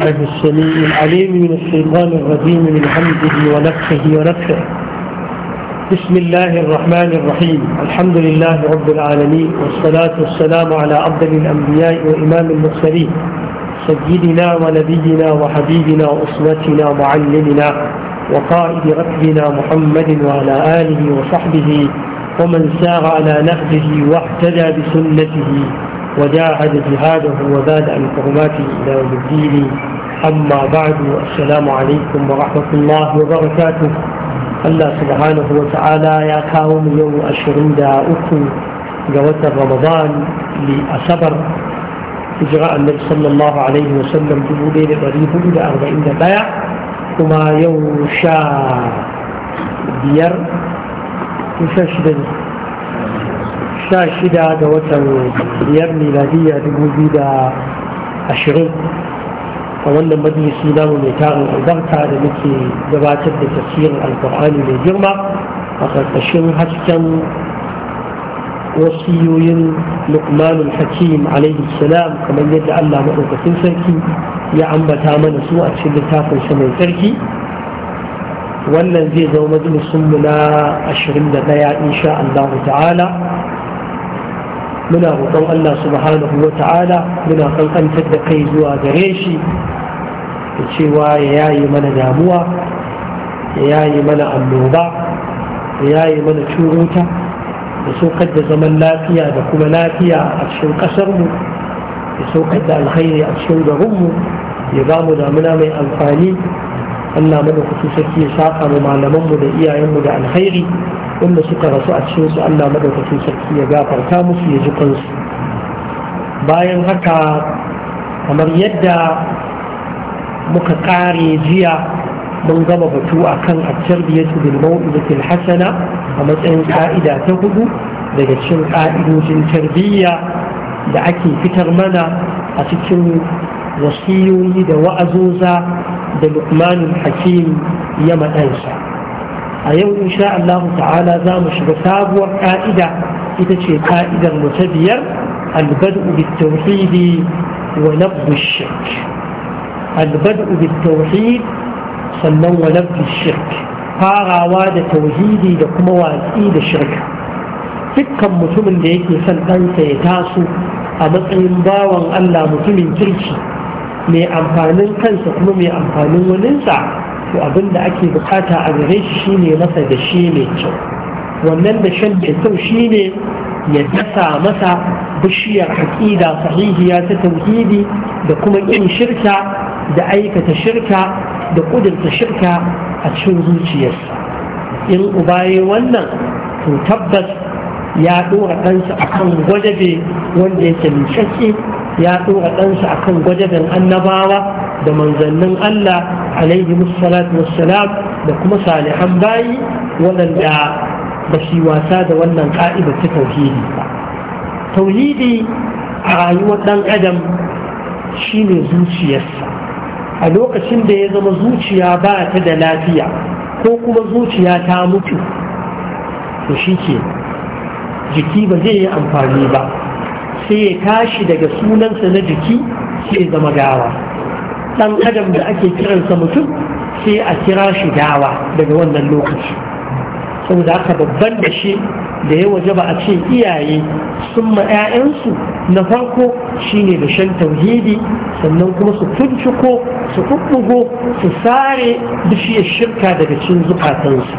الله السميع العليم من الشيطان الرجيم من حمده ونفسه ونفسه بسم الله الرحمن الرحيم الحمد لله رب العالمين والصلاة والسلام على أفضل الأنبياء وإمام المرسلين سيدنا ونبينا وحبيبنا وأسوتنا ومعلمنا وقائد ركبنا محمد وعلى آله وصحبه ومن سار على نهجه واهتدى بسنته وجاهد جهاده وزاد عن حرماته إلى يوم الدين أما بعد السلام عليكم ورحمة الله وبركاته الله سبحانه وتعالى يا كاوم يوم أشرين دا اوكو جوات رمضان لأسبر إجراء النبي صلى الله عليه وسلم بمولين قريب إلى أربعين بايع كما يوم شا بير وشاشدني sha shida ga watan biyar miladiya dubu biyu da ashirin a wannan majalisi namu mai tarin albarka da muke gabatar da tasirin alkur'ani mai girma a ƙarƙashin hasken wasiyoyin lukmanul hakim alaihi salam kamar yadda allah maɗaukakin sarki ya ambata mana su a cikin littafin sa mai sarki wannan zai zama majalisunmu na ɗaya insha Allahu ta'ala muna roƙon Allah subhanahu wa ta'ala muna ƙanƙantar da kai zuwa gare shi da cewa ya yayi mana damuwa ya yayi mana annoba ya yayi mana curuta da saukar da zaman lafiya da kuma lafiya a cikin ƙasarmu da saukar da alkhairi a cikin garinmu ya ba mu damuna mai amfani Allah mana kusa sarki ya saka mu malamanmu da iyayenmu da alkhairi Inda suka rasu a cikin su Allah madaukakin sarki ya gafarta musu ya ji kansu bayan haka kamar yadda muka kare jiya mun gama batu akan at-tarbiyatu bil maw'izati hasana a matsayin ka'ida ta hudu daga cikin ka'idojin tarbiyya da ake fitar mana a cikin wasiyoyi da wa'azoza da lukmanin hakim ya maɗansa a yau insha Allah ta'ala za mu shiga sabuwar ka'ida ita ce ka'idar mu ta biyar albad'u bitawhid wa nabdu shirk albad'u sannan wa nabdu shirk farawa da tauhidi da kuma watsi da shirka dukkan mutumin da yake son ɗansa ya taso a matsayin bawan Allah mutumin kirki mai amfanin kansa kuma mai amfanin waninsa to abin da ake bukata a gare shi shine masa da shi mai kyau wannan da shan mai kyau shine ya dasa masa bishiyar aƙida sahihiya ta tauhidi da kuma ƙin shirka da aikata shirka da ƙudurta shirka a cikin zuciyarsa in uba wannan to tabbas ya ɗora ɗansa a kan gwajabe wanda yake lishashe ya ɗora ɗansa a kan gwajaben annabawa da manzannin Allah alaihi musallatu wassalam da kuma salihan bayi waɗanda ba shi wasa da wannan ƙa'ida ta tauhidi ba tauhidi a rayuwar ɗan adam shine zuciyarsa a lokacin da ya zama zuciya ba ta da lafiya ko kuma zuciya ta mutu to shi ke jiki ba zai yi amfani ba sai ya tashi daga sunansa na jiki sai zama gawa ɗan adam da ake kiransa mutum sai a kira shi gawa daga wannan lokaci saboda haka babban da shi da ya waje ba a ce iyaye sun ma 'ya'yansu na farko shine da shan tauhidi sannan kuma su tunciko su kukkugo su sare bishiyar shirka daga cin zukatansu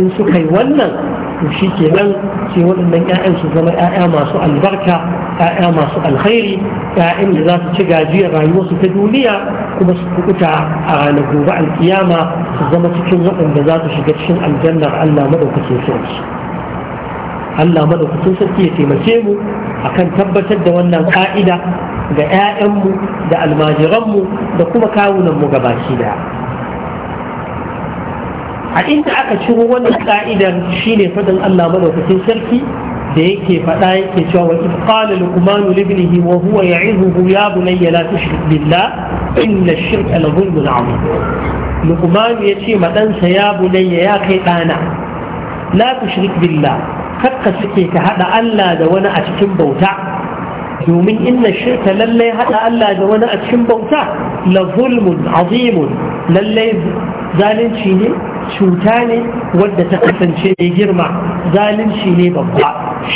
in suka yi wannan to shi nan ce waɗannan 'ya'yan su zama 'ya'ya masu albarka 'ya'ya masu alkhairi 'ya'yan da za su ci gajiyar su ta duniya kuma su kukuta a ranar gobe alkiyama su zama cikin waɗanda za su shiga cikin aljannar Allah maɗaukacin sarki Allah maɗaukacin sarki ya taimake mu akan tabbatar da wannan ƙa'ida ga 'ya'yanmu da almajiranmu da kuma kawunanmu gabaki daya a inda aka ciro wannan ka'idar shine fadin Allah madaukakin sarki da yake faɗa yake cewa wa idh qala luqman li ibnihi wa huwa ya'izuhu ya bunayya la tushrik billah inna ash-shirka la dhulmun 'azim luqman yace ma ɗansa ya bunayya ya kai ɗana la tushrik billah kakka suke ka hada Allah da wani a cikin bauta domin inna shirka lallai hada Allah da wani a cikin bauta la zulmun azimun lallai zalunci ne cuta ne wadda ta kasance mai girma zalunci ne babba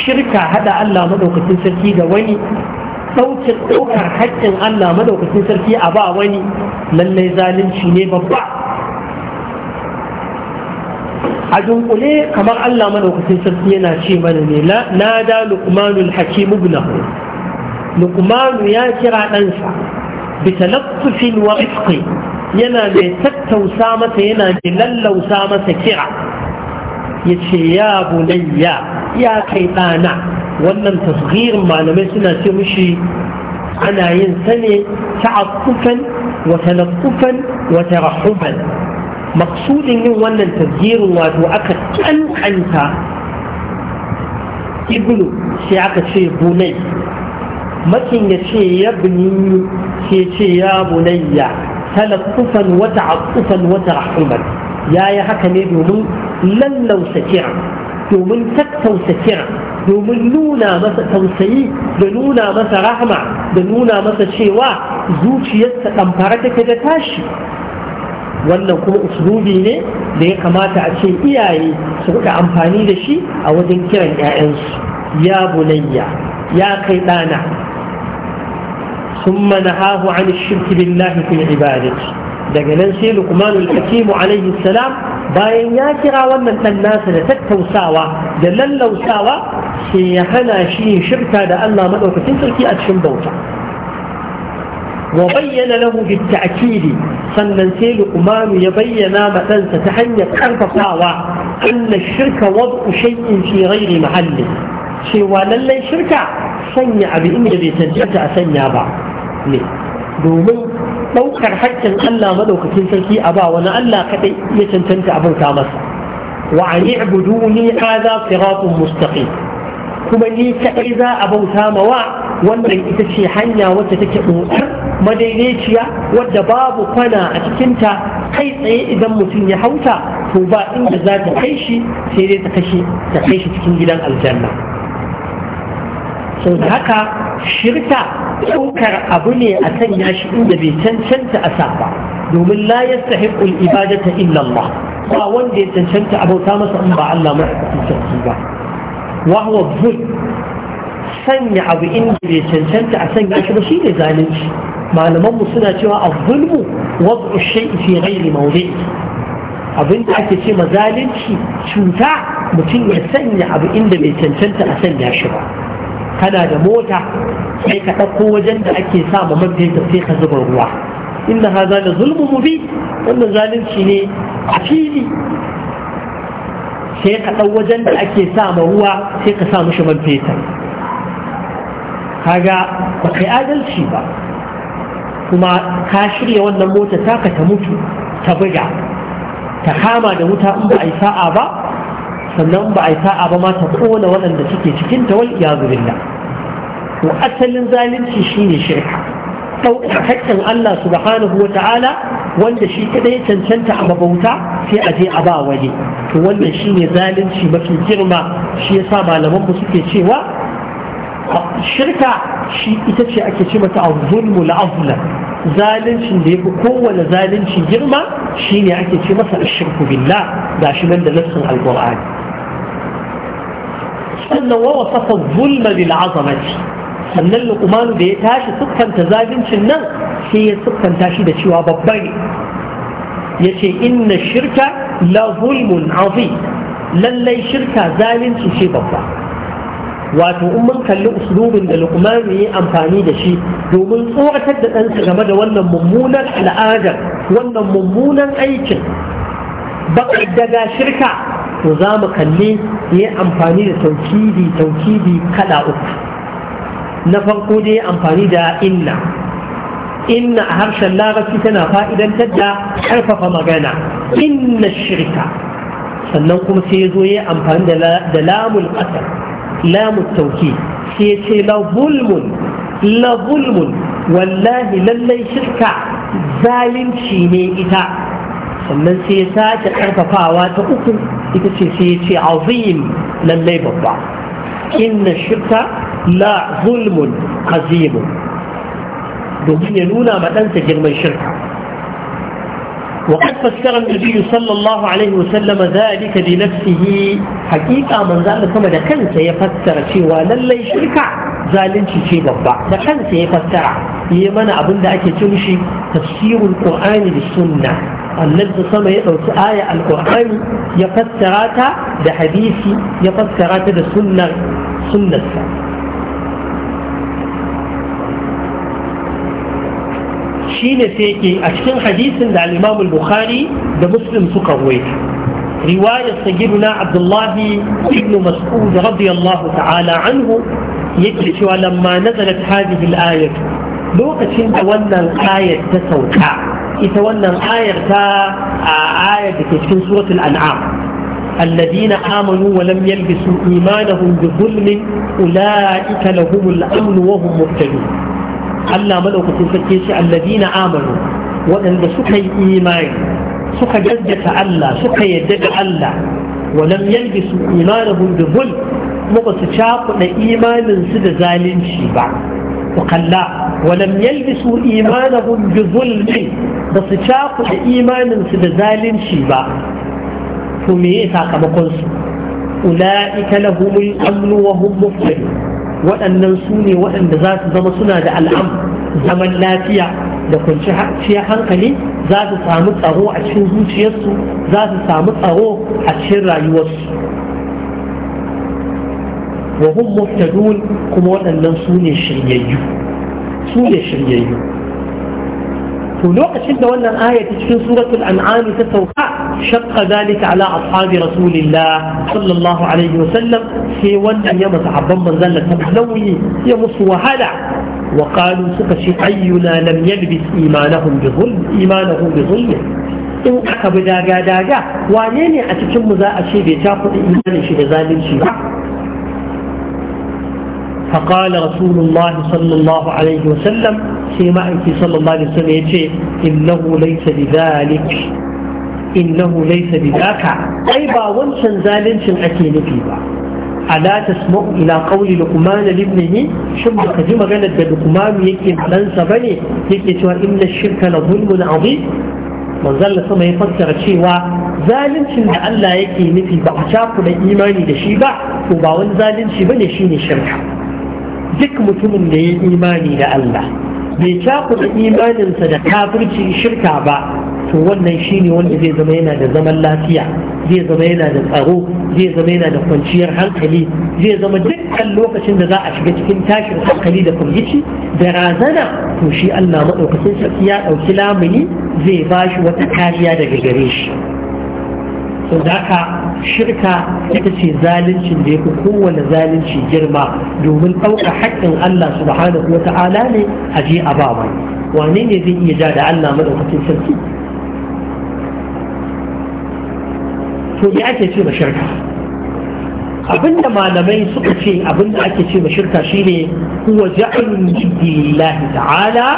shirka hada Allah madaukakin sarki da wani ɗaukin ɗaukar haƙƙin Allah madaukakin sarki a ba wani lallai zalunci ne babba a dunkule kamar Allah madaukakin sarki yana ce mana ne na da luqmanul hakim ibnahu luqmanu ya kira ɗansa bi talaffufin wa rifqi yana mai tattausa masa yana mai lallausa masa kira ya ce ya bunayya ya kai ɗana wannan tasgirin malamai suna ce mushi ana yin sane ta'affufan wa talaffufan wa tarahuban maksudin yin wannan tasgirin wato aka kankanta ibnu sai aka ce bunai makin ya ce ya bunyi sai ce ya bunayya talaffufan ufan ta'affufan wa tarahhuman yayi haka ne domin lallausa kira domin tattausa kira domin nuna masa tausayi da nuna masa rahma, da nuna masa cewa zuciyarsa ɗamfara take da tashi wannan kuma Usrubi ne da ya kamata a ce iyaye su rika amfani da shi a wajen kiran 'ya'yansu ya bunayya ya kai ɗana ثم نهاه عن الشرك بالله في عباده لكن ننسي لقمان الحكيم عليه السلام باين يا كرا وانا الناس لتكتو ساوا دلل لو ساوا سيحنا شيء شركة لألا مدعو كتنك في أتشم بوتا وبين له بالتأكيد فنن لقمان يبين ما تنسى تحنيت أرض ساوا أن الشرك وضع شيء في غير محله سوى لن شركا سنع بإن يبي تنجأت أسنع بعض ne domin ɗaukar haƙƙin Allah madaukakin sarki a ba wani Allah kaɗai ya cancanta abin ka masa wa an i'buduni hadha siratun mustaqim kuma ni kaɗai za a bauta ma wa wannan ita ce hanya wacce take ɗoɗar madaidaiciya wadda babu kwana a cikinta kai tsaye idan mutum ya hauta to ba inda za ta kai shi sai dai ta kashe ta kai shi cikin gidan aljanna sau da haka shirka ɗaukar abu ne a sanya shi inda bai cancanta a sa ba domin la yastahiqul ibadata illa Allah ba wanda ya cancanta abauta masa in ba Allah madaukakin sarki ba wa huwa sanya abu inda bai cancanta a sanya shi ba shi ne zalunci malaman mu suna cewa az-zulmu wad'u shay'i fi ghairi mawdi'i abin da ake ce ma zalunci cuta mutum ya sanya abu inda bai cancanta a sanya shi ba kana da mota sai ka ɗauko wajen da ake sa ma man fetur sai ka zuba ruwa inna haza da zulmu mubi wannan zalunci ne a fili sai ka ɗau wajen da ake sa ma ruwa sai ka sa mushi man fetur kaga ba kai adalci ba kuma ka shirya wannan mota taka ta mutu ta buga ta kama da wuta in ba a yi sa'a ba sannan ba a yi sa'a ba ma ta kona waɗanda suke cikin ta wal iyazu billah to asalin zalunci shine shirka ɗaukar Allah subhanahu wa ta'ala wanda shi kadai cancanta a mabauta sai a je a ba waje to wannan shine zalunci mafi girma shi yasa malaman mu suke cewa shirka shi ita ce ake ce mata zulmu la'azlan zalincin da ya fi kowane zalunci girma shine ake ce masa shirku billah gashi nan da nassin alqur'ani sannan wa wasafa zulma bil azamati sannan luqman da ya tashi sukkanta zaluncin nan sai ya sukkanta shi da cewa babba ne yace inna shirka la zulmun azim lallai shirka zalunci ce babba wato in mun kalli uslubin da ya yi amfani da shi domin tsoratar da ɗansa game da wannan mummunan al'adar wannan mummunan aikin ba daga shirka to za mu kalli ya amfani da taukidi taukidi kala uku na farko dai amfani da inna inna a harshen larabci tana fa'idantar da karfafa magana inna shirka sannan kuma sai ya zo ya amfani da lamun ƙasar, lamun tauki sai ya ce la la wallahi lallai shirka zalunci ne ita sannan sai ya sake ƙarfafawa ta uku في في في عظيم للي بابا إن الشرك لا ظلم عظيم دوبين ينونا ما تنسى جرم الشرطة وقد فسر النبي صلى الله عليه وسلم ذلك بنفسه حقيقة من ذلك كما ده كان سيفسر شيوا للي شركة ذلك شيء ببع ده كان سيفسر يمنع أبن ده أكي تمشي تفسير القرآن بالسنة النبي صلى الله عليه آية القرآن يفسرات ده حديثي يفسرات ده سنة سنة ne sai yake a cikin hadisin da al-Imam al-Bukhari da Muslim suka ruwaita riwayar sayyiduna Abdullahi ibn Mas'ud radiyallahu ta'ala anhu yake cewa lamma nazalat hadhihi al-ayat lokacin da wannan ayat ta sauka ita wannan ayar ta a ayar da ke cikin suratul an'am الذين آمنوا ولم يلبسوا إيمانهم بظلم أولئك لهم الأمن وهم مهتدون Allah madaukakin sarki shi na amanu waɗanda suka yi imani suka gaggata Allah suka yadda da Allah walam yalbisu imanahum bi zulm kuma ba su cakuɗa imanin su da zalunci ba ku kalla walam su imanahum bi zulm ba su cakuɗa imanin su da zalunci ba to me ya sakamakon su ula'ika lahumul amnu wa hum muflihun waɗannan su ne waɗanda za su zama suna da al'am zaman lafiya da kwanciyar hankali za su samu tsaro a cikin zuciyarsu za su samu tsaro a cikin rayuwarsu wa hum kuma waɗannan su ne shiryayyu su ne shiryayyu to lokacin da wannan aya ta cikin suratul an'ami ta sauka shakka zalika ala ashabi rasulillah sallallahu alaihi wa sallam sai wannan ya masa abban manzon Allah ta nauyi ya musu wahala wa qalu suka ce ayyuna lam yalbis imanahum bi zulm bi in aka bi daga daga wane ne a cikin mu za a ce bai ta kuɗi imanin shi da zalunci ba فقال رسول الله صلى الله عليه وسلم سيما أنت صلى الله عليه وسلم يجي إنه ليس بذلك إنه ليس بذاك أي با ونسن ذالنسن أكي نفيبا ألا تسمع إلى قول لقمان لابنه شم كجم غلت لقمان يكي ملنسى بني يكي سوى إن الشرك لظلم عظيم من ظل سما يفسر شيء zalincin da Allah yake nufi ba a cakuɗa imani da shi ba to ba wani zalunci bane shine shirka duk mutumin da ya yi imani da Allah bai cakuɗa imaninsa da kafirci shirka ba to wannan shine wanda zai zama yana da zaman lafiya zai zama yana da tsaro zai zama yana da kwanciyar hankali zai zama dukkan lokacin da za a shiga cikin tashin hankali da firgici da razana to shi Allah maɗaukacin sarki ya ɗauki lamuni zai ba shi wata kariya daga gare shi to shirka ita ce zalincin da yafi kowane zalunci girma domin ɗauka haƙƙin Allah subhanahu wa ta'ala ne a je a ba wani wane ne zai iya ja da Allah madaukakin sarki to ya ake ce ma shirka abinda malamai suka ce abinda ake ce ma shirka shine huwa ja'alun lillahi ta'ala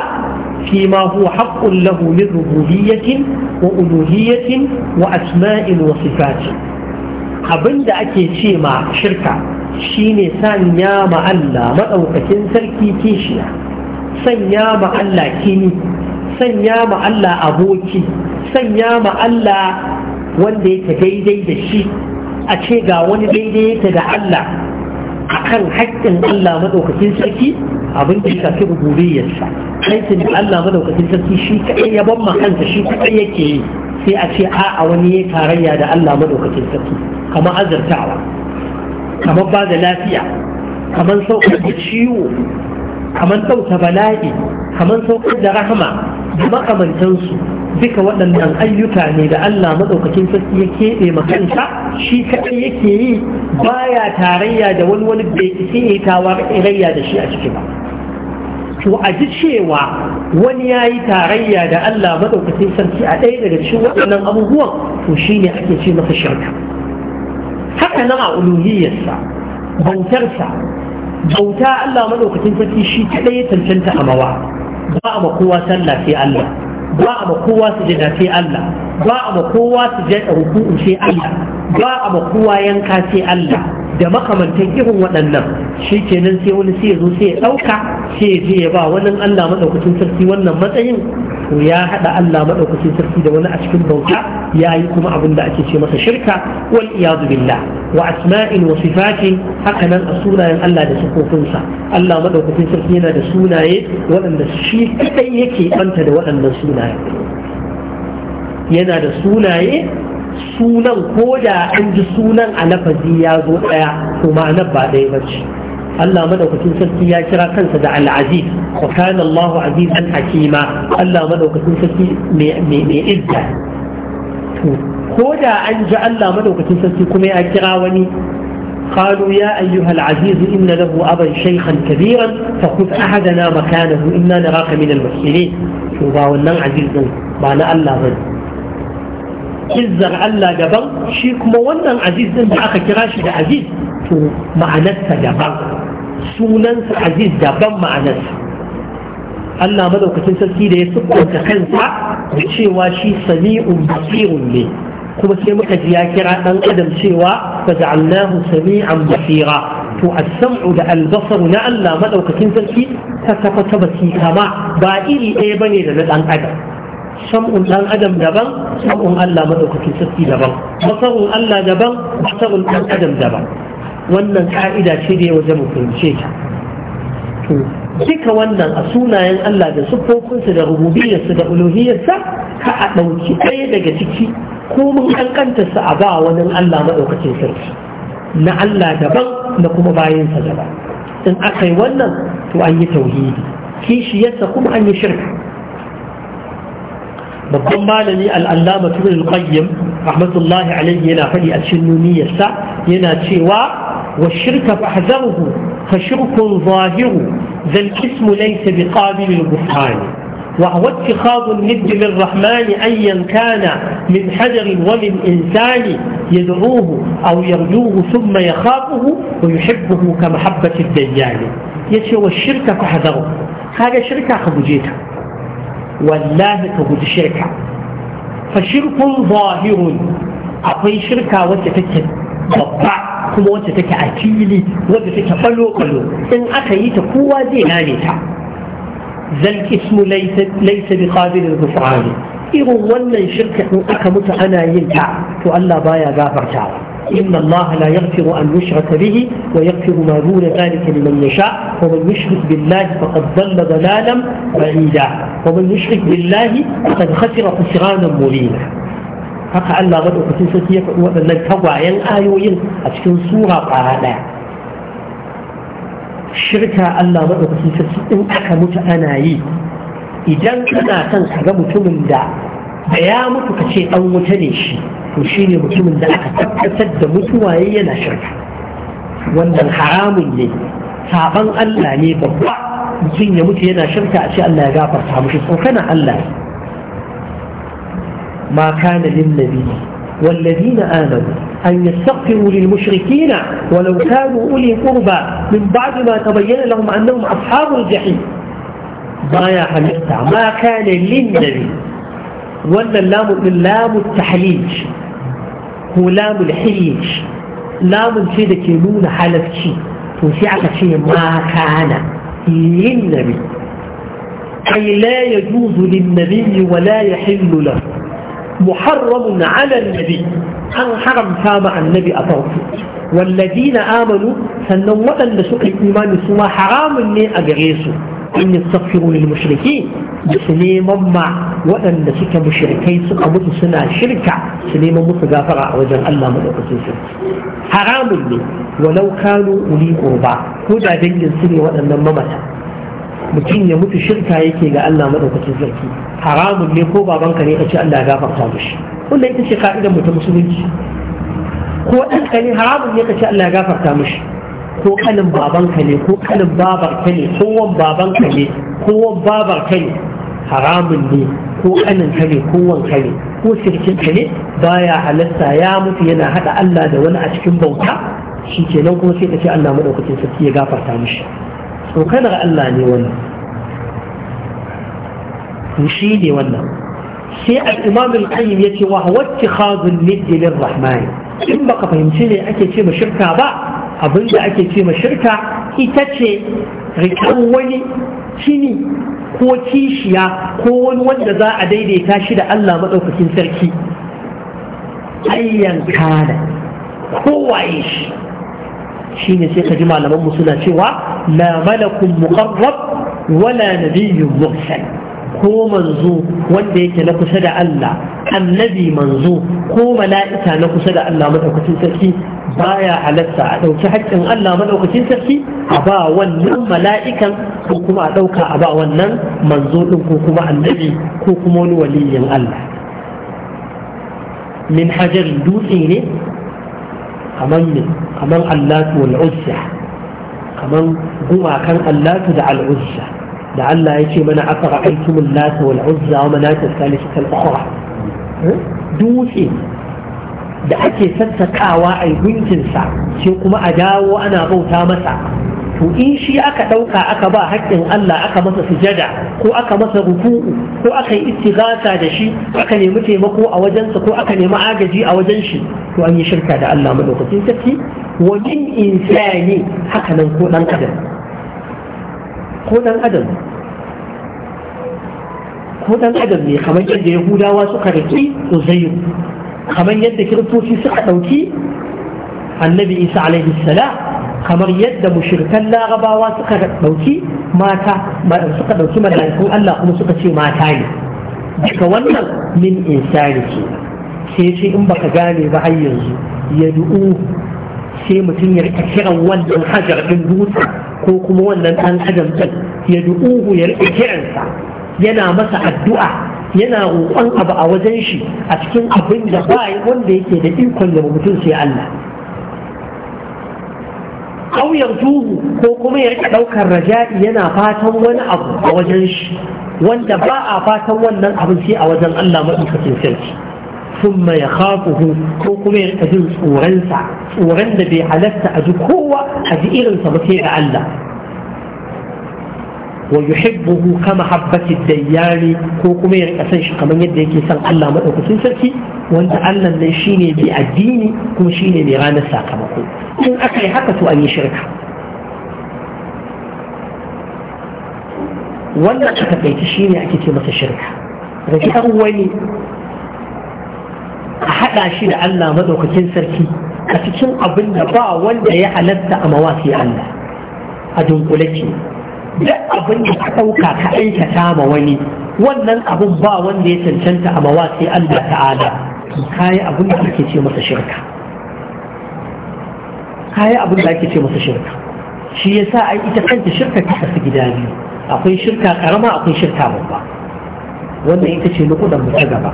فيما هو حق له من ربوبية وألوهية وأسماء وصفات abin Abinda ake ce ma shirka shi ne sanya ma Allah maɗaukakin sarki kishiya sanya ma Allah kini sanya ma Allah aboki sanya ma Allah wanda yake daidai da shi a ce ga wani daidai yake da Allah akan haƙƙin Allah maɗaukacin sarki abin da shafi rububiyarsa aikin da Allah maɗaukacin sarki shi kaɗai ya ban kansa shi kaɗai yake yi sai a ce a a wani ya tarayya da Allah maɗaukacin sarki kamar azartawa kamar ba da lafiya kamar saukar da ciwo kamar ɗauta bala'i kamar saukar da rahama da makamantansu duka waɗannan ayyuka ne da Allah maɗaukakin sarki ya keɓe makanta shi kaɗai yake yi baya tarayya da wani wani bai isa ya tarayya da shi a ciki ba to a ji cewa wani ya yi tarayya da Allah maɗaukakin sarki a ɗaya daga cikin waɗannan abubuwan to shi ne ake ce masa shirka haka nan a uluhiyyarsa bautarsa bauta Allah maɗaukakin sarki shi kaɗai ya cancanta a mawa ba a kowa sallah sai Allah ba a ma kowa su jada Allah ba a ma kowa su jada ruku'u sai Allah ba a ma kowa yanka sai Allah da makamantan irin waɗannan shi kenan sai wani sai ya zo sai ya ɗauka sai ya je ya ba wani Allah maɗaukacin sarki wannan matsayin to ya haɗa Allah maɗaukacin sarki da wani a cikin bauta ya yi kuma abin da ake ce masa shirka wal iyadu billah wa asma'in wa sifatin haka nan a sunayen Allah da sukofinsa Allah maɗaukacin sarki yana da sunaye waɗanda shi kaɗai yake ɓanta da waɗannan sunaye yana da sunaye sunan ko da an ji sunan a lafazi ya zo ɗaya to ma'anar ba ɗaya ba ce Allah madaukakin sarki ya kira kansa da al-aziz kana Allah an hakima Allah madaukakin sarki mai izza ko da an ji Allah madaukakin sarki kuma ya kira wani قالوا يا أيها العزيز إن له أبا شيخا كبيرا فخذ أحدنا مكانه إنا نراك من المحسنين شو باونا عزيز بانا الله بني izzar Allah daban shi kuma wannan aziz din da aka kira shi da aziz to ma'anarsa daban sunansa aziz daban ma'anarsa Allah madaukakin sarki da ya sukunta kansa da cewa shi sami'un basirun ne kuma sai muka ji ya kira dan adam cewa fa ja'alnahu sami'an basira to as-sam'u da al-basar na Allah madaukakin sarki ta kafa ta basira ma ba iri ɗaya bane da na dan adam sam'un dan adam daban sam'un Allah madaukakin sarki daban basarun Allah daban basarun dan adam daban wannan ka'ida ce da ya waje mu fahimce ta to duka wannan a sunayen Allah da siffofinsa da rububiyarsa da uluhiyarsa ka a ɗauki ɗaya daga ciki ko mun kankanta su a ba wani Allah maɗaukacin sarki na Allah daban na kuma bayansa daban in aka yi wannan to an yi tauhidi kishiyarsa kuma an yi shirka babban malami al'allama turin qayyim rahmatullahi alaihi yana faɗi a cikin nuniyarsa yana cewa والشرك فاحذره فشرك ظاهر ذا الاسم ليس بقابل البرهان وهو اتخاذ الند للرحمن أيا كان من حجر ومن إنسان يدعوه أو يرجوه ثم يخافه ويحبه كمحبة الدجال يسوى والشرك فاحذره هذا شركة خبجيتها والله تقول شركة فشرك ظاهر أقوي شركة وتتكت بطع kuma wacce take a fili wacce take falo-falo in aka yi ta kowa zai gane ta zal ismu laisa bi qabilin ghufrani irin wannan shirka in aka mutu ana yin ta to Allah baya gafartawa إن الله لا يغفر أن يشرك به ويغفر ما دون ذلك لمن يشاء ومن يشرك بالله فقد ضل ضلالا بعيدا ومن يشرك بالله فقد خسر خسرانا مبينا haka Allah madaukakin sarki ya faɗi waɗannan tagwayen ayoyin a cikin sura ƙwara ɗaya shirka Allah madaukakin sarki in aka mutu ana yi idan kana son ka ga mutumin da da ya mutu ka ce ɗan wuta ne shi to shi ne mutumin da aka tabbatar da mutuwa yana shirka wannan haramun ne saban Allah ne babba mutum ya mutu yana shirka a ce Allah ya gafarta mushi tsokana Allah ne ما كان للنبي والذين آمنوا أن يستغفروا للمشركين ولو كانوا أولي قربى من بعد ما تبين لهم أنهم أصحاب الجحيم يا حبيبتا ما كان للنبي ولا اللام لام التحليج هو لام الحليج لام في دك يقول شيء وسعك شيء ما كان للنبي أي لا يجوز للنبي ولا يحل له محرم على النبي أن حرم تام عن النبي أطوف والذين آمنوا سنن وأن سوء الإيمان سوى حرام ني أجريسو أن يستغفروا للمشركين سليما مع وأن سك مشركين سوء أمس سنة شركة سليما متغافرة وجه الله من أقصيصه حرام ني ولو كانوا أولي قربا هدى دنجل سني وأن ممتا mutum ya mutu shirka yake ga Allah maɗaukacin sarki haramun ne ko babanka ne ka Allah ya gafarta mishi kullum ita ce ka'idar mu ta musulunci ko ɗanka ne haramun ne ka Allah ya gafarta mishi ko kanin babanka ne ko kanin babarka ne ko wan babanka ne ko wan babarka ne haramun ne ko kanin ka ne ko wan ka ne ko sirkin ka ne baya halatta ya mutu yana hada Allah da wani a cikin bauta shi kenan kuma sai ka ce Allah maɗaukacin sarki ya gafarta mishi to daga Allah ne wannan to shi ne wannan sai al-imam al-qayyim yace wa huwa ittikhadun nidd rahmani? in baka fahimci ne ake ce ma shirka ba abinda ake ce ma shirka ita ce rikan wani kini ko kishiya ko wani wanda za a daidaita shi da Allah madaukakin sarki ayyan kana kowaye shi ya sai ka ji malaman mu suna cewa la malakun muqarrab wala nabiyyun mursal ko manzo wanda yake na kusa da Allah annabi manzo ko mala'ika na kusa da Allah madaukakin sarki baya halatta a ɗauki haƙƙin Allah madaukakin sarki a ba wannan mala'ikan ko kuma a ɗauka a ba wannan manzo ɗin ko kuma annabi ko kuma wani waliyin Allah min hajar dutse ne kamar ne kamar allatu wal uzza kamar gumakan allatu da al uzza da Allah ya ce mana aka afara aitum allatu wal uzza wa manata salisata al ukhra hmm? dutse da ake sassakawa a gunkin sa sai kuma a dawo ana bauta masa to in shi aka ɗauka aka ba haƙƙin Allah aka masa sujada ko aka masa ruku'u ko aka yi istighatha da shi aka nemi taimako a wajensa ko aka nemi agaji a wajen shi to an yi shirka da Allah madaukakin sarki wa min insani haka nan ko dan adam ko ɗan adam ko ɗan adam ne kamar yadda yahudawa suka riki uzayyu kamar yadda kiristoci suka ɗauki annabi isa alaihi salam kamar yadda mushirkan larabawa suka ɗauki mata suka ɗauki mala'ikun Allah kuma suka ce mata ne daga wannan min insani ce sai ce in baka gane ba har yanzu ya du'u sai mutum ya rika kiran wannan hajar ɗin dutse ko kuma wannan ɗan adam ɗin ya ya rika kiransa yana masa addu'a yana roƙon abu a wajen shi a cikin abin da ba wanda yake da ikon da mutum sai Allah ƙauyar tuhu ko kuma ya rika ɗaukar raja'i yana fatan wani abu a wajen shi wanda ba a fatan wannan abinci a wajen Allah maɗaukakin sarki ya mai khafuhu ko kuma ya rika jin tsoronsa tsoron da bai halarta a ji kowa a ji irinsa ba sai ga Allah wa yuhibbuhu kama habbati dayyari ko kuma ya rika san shi yadda yake san Allah madaukakin sarki wanda Allah ne shine bi addini kuma shine mai ranar sakamako in aka yi haka to an yi shirka wannan a takaice shine ake ce masa shirka rakiyar wani a haɗa shi da Allah madaukakin sarki a cikin abinda ba wanda ya halatta a mawaki Allah a dunkule duk abin da ka ɗauka ka aikata ma wani wannan abin ba wanda ya cancanta a mawa sai Allah ta'ala kayi abin da ake ce masa shirka kayi abin da ake ce masa shirka shi yasa ai ita kanta shirka ta kasu gida biyu akwai shirka karama akwai shirka babba wannan ita ce nukudan mu ta gaba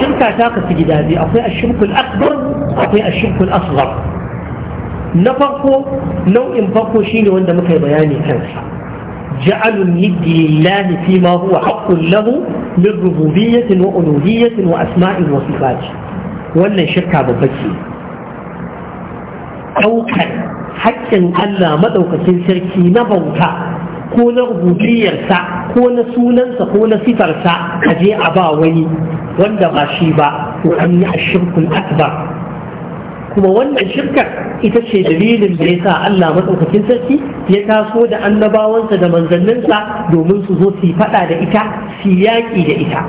shirka ta kasu gida biyu akwai ashirkul akbar akwai ashirkul asghar na farko nau'in farko shine wanda muka yi bayani kansa ja'alun yiddi lillahi fi ma huwa haqqun lahu min rububiyyatin wa uluhiyyatin wa asma'in wa sifat wannan shirka babba ce daukar haƙƙin Allah madaukakin sarki na bauta ko na rububiyarsa ko na sunansa ko na sifarsa a je a ba wani wanda ba shi ba to an yi ashirkul akbar kuma wannan shirkar ita ce dalilin da ya sa Allah maɗaukakin sarki ya taso da annabawansa da manzanninsa domin su zo su faɗa da ita su yaƙi da ita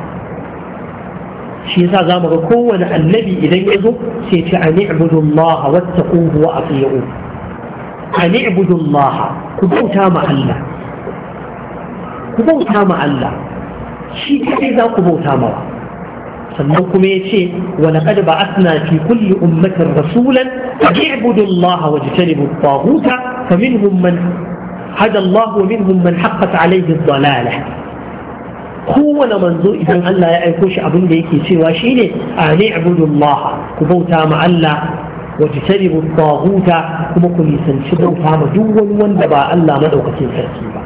shi yasa za mu ga kowane annabi idan ya zo sai ce a ni'budu Allah wa taquhu wa atiyu a ni'budu Allah ku bauta ma Allah ku bauta ma Allah shi kai za ku bauta mawa sannan kuma ya ce wa laqad ba'athna fi kulli ummatin rasulan an i'budu Allah wa jtanibu at fa faminhum man hada Allah wa minhum man haqqat alayhi ad kowane manzo idan Allah ya aiko shi abin da yake cewa shine a ne abudullah ku bauta ma Allah wa tajribu taghuta kuma ku nisanci bauta ma duk wani wanda ba Allah madaukakin sarki ba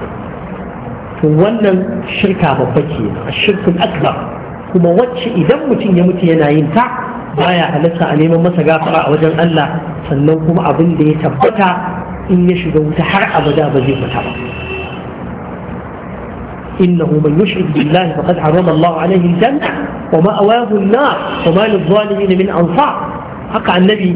to wannan shirka babba ke shirkun akbar kuma wacce idan mutum ya mutu yana yin ta baya halatta a neman masa gafara a wajen Allah sannan kuma abin da ya tabbata in ya shiga wuta har abada ba zai mutu ba innahu man yushrik billahi faqad harama Allah alayhi al-janna wa ma'awahu an-nar wa ma min ansar haka annabi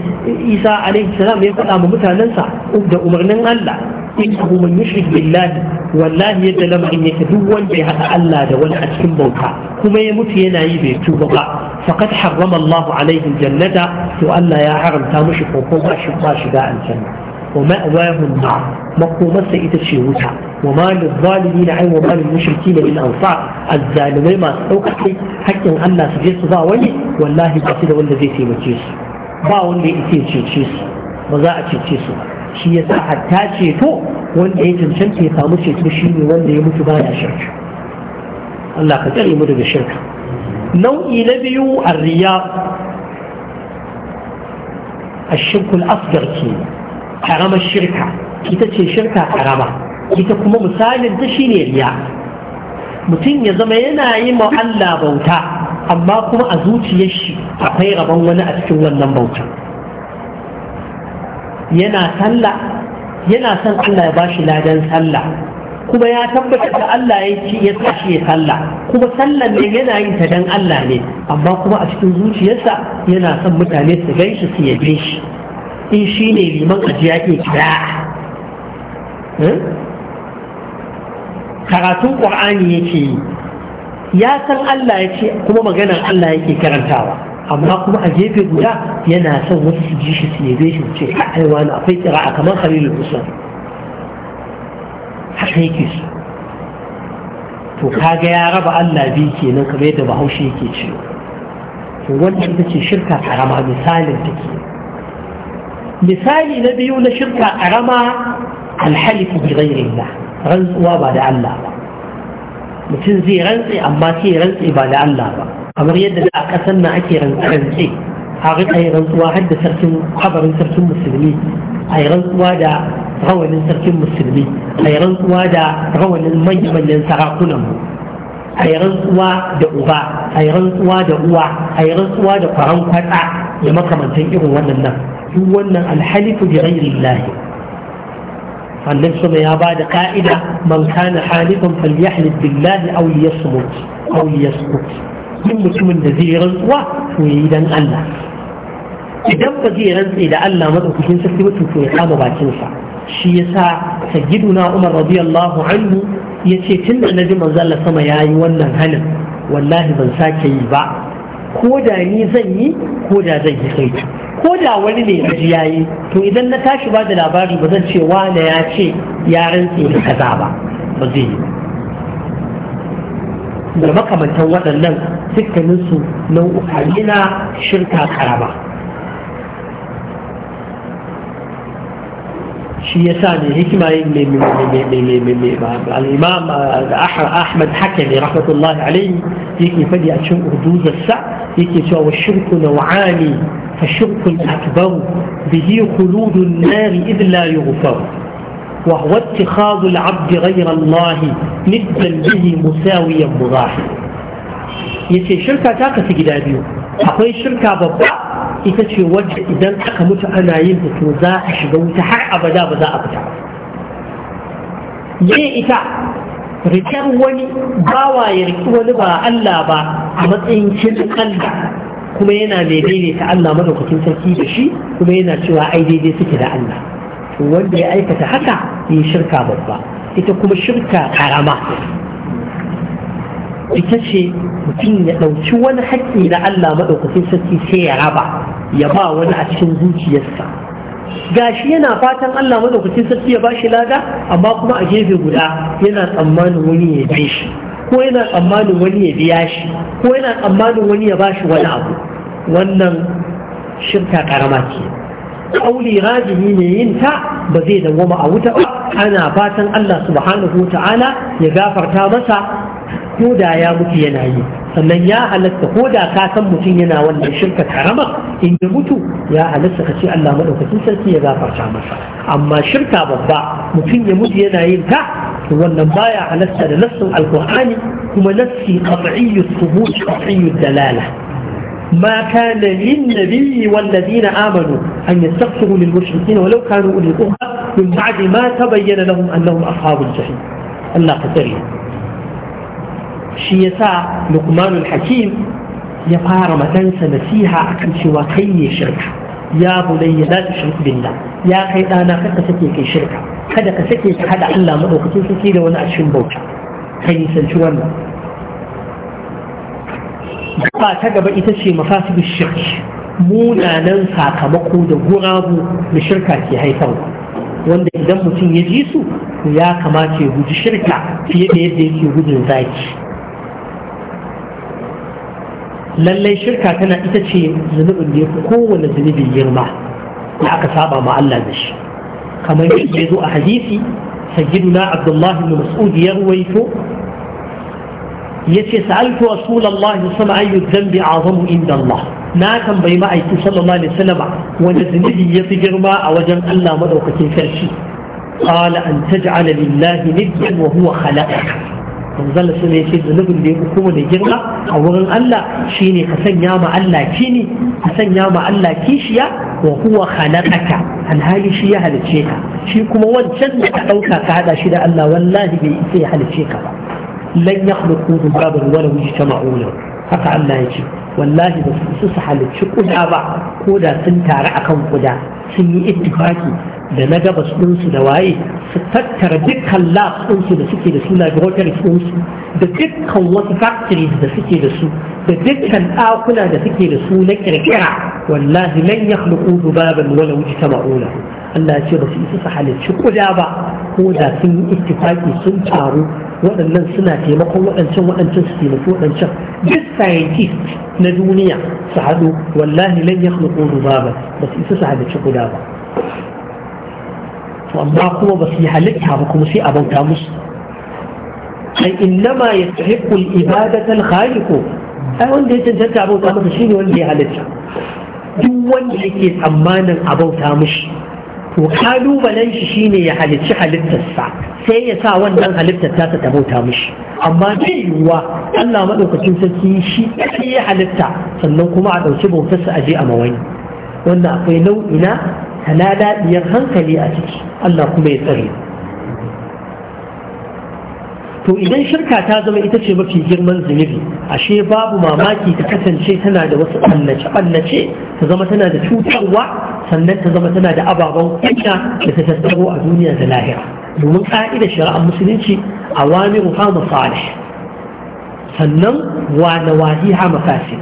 Isa alayhi salam ya faɗa mutanen sa da umarnin Allah innahu man yushrik billahi wallahi da lamarin yake duk wanda ya haɗa Allah da wani a cikin bauta kuma ya mutu yana yi bai tuba ba faqad harrama Allahu alaihi jannata to Allah ya haramta mushi koko ba shi ba shiga aljanna wa ma'awahu nar makomarsa ita ce wuta wa ma lil-zalimin ay wa ma lil-mushrikeen min ansar az masu ɗaukar kai haƙƙin Allah su je su ba wani wallahi ba su da wanda zai taimake su ba wanda ya ce cece su ba za a cece su ba shi ya sa hatta ceto wanda ya cancanta ya samu ceto shi ne wanda ya mutu baya shirka Allah ka tsare mu daga shirka nau'i na biyu a ashirkul asgar ke karamar shirka ita ce shirka karama ita kuma misalin ta shine riya mutum ya zama yana yi ma Allah bauta amma kuma a zuciyar shi akwai rabon wani a cikin wannan bautar yana sallah yana son Allah ya ba bashi ladan sallah kuma ya tabbata da Allah ya ci ya sa shi ya sallah kuma sallan ne yana yin ta dan Allah ne amma kuma a cikin zuciyarsa yana son mutane su gan su yabe shi in shi ne liman ajiya ke kira hmm? karatun ƙur'ani yake yi ya san Allah ya ce kuma maganar Allah yake karantawa amma kuma a gefe guda yana son wasu su ji shi su yabe shi ce ai wani akwai tsira a kamar khalilul usman haka yake so to kaga ya raba Allah biyu kenan kamar yadda bahaushe yake ci. to wannan ita ce shirka karama misalin take misali na biyu na shirka karama alhalifu bi ghairi Allah rantsuwa ba da Allah ba mutum zai rantse amma sai rantse ba da Allah ba kamar yadda da a ƙasar na ake rantse a rika yi rantsuwa har da sarkin kabarin sarkin musulmi a yi rantsuwa da rawanin sarkin musulmi a yi rantsuwa da rawanin manyan sarakunan a yi rantsuwa da uba a yi rantsuwa da uwa a yi rantsuwa da kwaran kwatsa da makamantan irin wannan nan duk wannan alhalifu bi ghairi llahi annabi sama ya ba da ka'ida man kana halifan falyahlif billahi aw yasmut aw yasmut duk mutumin da zai rantsuwa to ya yi dan Allah idan ba zai rantse da Allah madaukakin sarki ba to ya kama bakinsa shi yasa sayyiduna Umar radiyallahu anhu yace tun da naji manzo Allah sama yayi wannan halin wallahi ban sake yi ba ko da ni zan yi ko da zan yi kai ko da wani ne ya ji yayi to idan na tashi ba da labari ba zan ce wane ya ce ya rantse da kaza ba ba zai yi ba da makamantan waɗannan dukkaninsu nau'uka ne na shirka karama shi ya sa ne hikima al'imam ahmad haka ne rahmatullahi alaihi yake faɗi a cikin urduzarsa yake cewa wa shirku nau'ani fa shirkun akbaru bihi khuludun nari idla yughfaru وهو اتخاذ العبد غير الله مثلا به مساويا مضاحي yace shirka ta kasu gida biyu akwai shirka babba ita ce wadda idan aka mutu ana yin ta to za a shiga wuta har abada ba za a fita me ita rikar wani bawa ya riki wani ba Allah ba a matsayin kin Allah kuma yana mai daidaita Allah madaukakin sarki da shi kuma yana cewa ai daidai suke da Allah wanda ya aikata haka yi shirka babba ita kuma shirka karama ita ce mutum ya ɗauki wani haƙƙi na Allah maɗaukacin sarki sai ya raba ya ba wani a cikin zuciyarsa gashi yana fatan Allah maɗaukacin sarki ya bashi lada amma kuma a gefe guda yana tsammanin wani ya bi shi ko yana tsammanin wani ya biya shi ko yana tsammanin wani ya bashi wani abu wannan shirka karama ce kauli rajihi ne yin ta ba zai dawwama a wuta ba ana fatan Allah subhanahu ta'ala ya gafarta masa ko da ya mutu yana yi sannan ya halatta ko da ka san mutum yana wannan shirka karama in ya mutu ya halatta ka ce Allah madaukakin sarki ya gafarta masa amma shirka babba mutum ya mutu yana yin ta wannan baya halatta da nassin alkur'ani kuma nassi qat'iyyu thubut qat'iyyu dalala ما كان للنبي والذين آمنوا أن يستغفروا للمشركين ولو كانوا أولي من بعد ما تبين لهم أنهم أصحاب الجحيم الله قتلهم shi ya sa lukmanul hakim ya fara matansa nasiha a kan cewa kai ne shirka ya bulayya la tushrik billah ya kai ɗana kada sake kai shirka kada ka sake ka haɗa Allah madaukakin sarki da wani a cikin bauta kai wannan ba ta gaba ita ce mafasidu shirki munanan sakamako da gurabu da shirka ke haifarwa wanda idan mutum ya ji su ya kamata ya guji shirka fiye da yadda yake gudun zaki lallai shirka tana ita ce zunubin da ya fi kowane zunubin girma da aka saba ma Allah da shi kamar yadda ya zo a hadisi sayyiduna abdullahi bin mas'ud ya ruwaito yace sa'altu rasulullahi sallallahu alaihi wasallam dhanbi azamu inda Allah na tambayi ma'aikin sallallahu alaihi wasallam wanda zunubi ya fi girma a wajen Allah madaukakin sarki qala an taj'ala lillahi niddan wa huwa khalaqaka manzal sun yace zunubin da ya kuma da girma a wurin Allah shine ka sanya ma Allah kini ka sanya ma Allah kishiya wa huwa khalaqaka alhali shi ya halice ka shi kuma wancan da ka dauka ka hada shi da Allah wallahi bai isa ya halice ka ba lan yakhluqu dhubaban wani law ijtama'u haka Allah ya ce wallahi ba su su halicci kuda ba ko da sun taru akan kuda sun yi ittifaki da na gabas ɗinsu da waye su tattara dukkan labs ɗinsu da suke da su laboratories ɗinsu da dukkan wasu factories da suke da su da dukkan ɗakuna da suke da su na kirkira wallahi lan yakhluqu dhubaban wani law ijtama'u Allah ce ba su isa su halicci kuda ba ko da sun yi ittifaki sun taru waɗannan suna taimakon waɗancan waɗancan su taimaki waɗancan duk scientist na duniya su haɗu wallahi lan ya khluqu rubaba ba su isa su halicci kuda ba to amma kuma ba su yi halitta ba kuma sai a bauta musu ai innama yastahiqqu al-ibadata al-khaliq ai wanda ya cancanta a bauta masa shine wanda ya halitta duk wanda yake tsammanin a bauta mushi to kalubalen shi shine ya halicci halittarsa sai ya sa wannan halittar ta ta bauta mishi amma zai yiwuwa Allah madaukakin sarki shi sai ya halitta sannan kuma a ɗauki bautarsa a je a mawani wannan akwai nau'ina na daɗiyar hankali a ciki Allah kuma ya tsare to idan shirka ta zama ita ce mafi girman zunubi ashe babu mamaki ta kasance tana da wasu ɓallace-ɓallace ta zama tana da cutarwa sannan ta zama tana da ababen kunya da ta tattaro a duniya da lahira domin ƙa'ida shari'ar musulunci a wani ruha masalih sannan wa na ha mafasi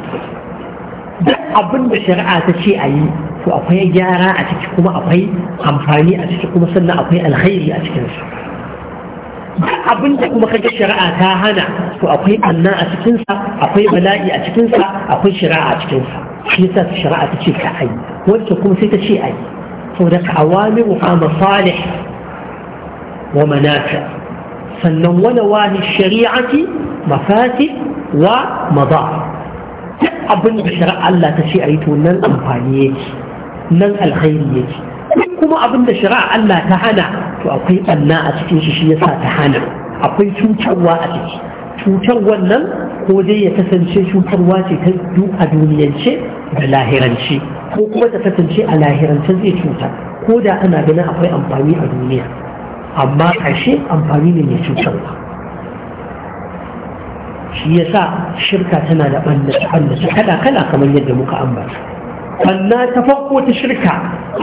duk abin da shari'a ta ce a yi to akwai gyara a ciki kuma akwai amfani a ciki kuma sannan akwai alkhairi a cikinsa duk abin da kuma kaga shari'a ta hana to akwai anna a cikinsa akwai bala'i a cikinsa akwai shari'a a cikinsa shi ta shari'a ta ce ka ai wacce kuma sai ta ce ai saboda ka awami wa masalih wa manata sannan wani wani shari'ati mafati wa maza duk abin da shari'a Allah ta ce ai to nan amfani yake nan alkhairi yake kuma abin da shari'a Allah ta hana to akwai ɓanna a cikin shi shi yasa ta hana akwai cutarwa a ciki cutar wannan ko dai ya kasance cutarwa ce ta a duniyance da lahiranci, ko kuma ta kasance a lahirance zai cuta ko da ana ganin akwai amfani a duniya amma ƙarshe amfani ne mai cutarwa shi yasa shirka tana da ɓannace kala kala kamar yadda muka ambata ɓanna ta farko ta shirka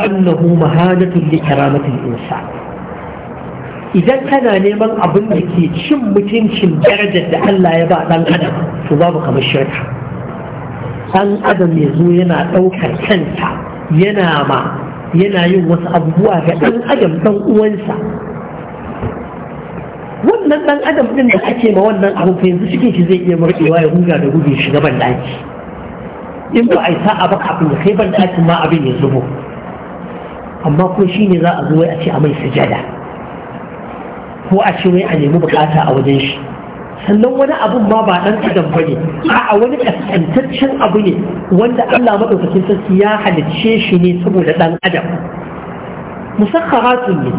annahu mahadatun li karamatul insan idan kana neman abin da ke cin mutuncin darajar da Allah ya ba ɗan adam to babu kamar shirka ɗan adam ya zo yana ɗaukar kanta yana ma yana yin wasu abubuwa ga ɗan adam ɗan uwansa wannan ɗan adam ɗin da ake ma wannan abu fa yanzu cikin shi zai iya murɗewa ya huga da gudu shiga ban daki. in ba a yi sa'a ba kafin ya kai ban dakin ma abin ya zubo amma ko shine za a zo a ce a mai sujada ko a ce wai a nemi bukata a wajen shi sannan wani abun ma ba dan adam ne a wani kaskantaccen abu ne wanda Allah madaukakin sarki ya halicce shi ne saboda dan adam musakharatun ne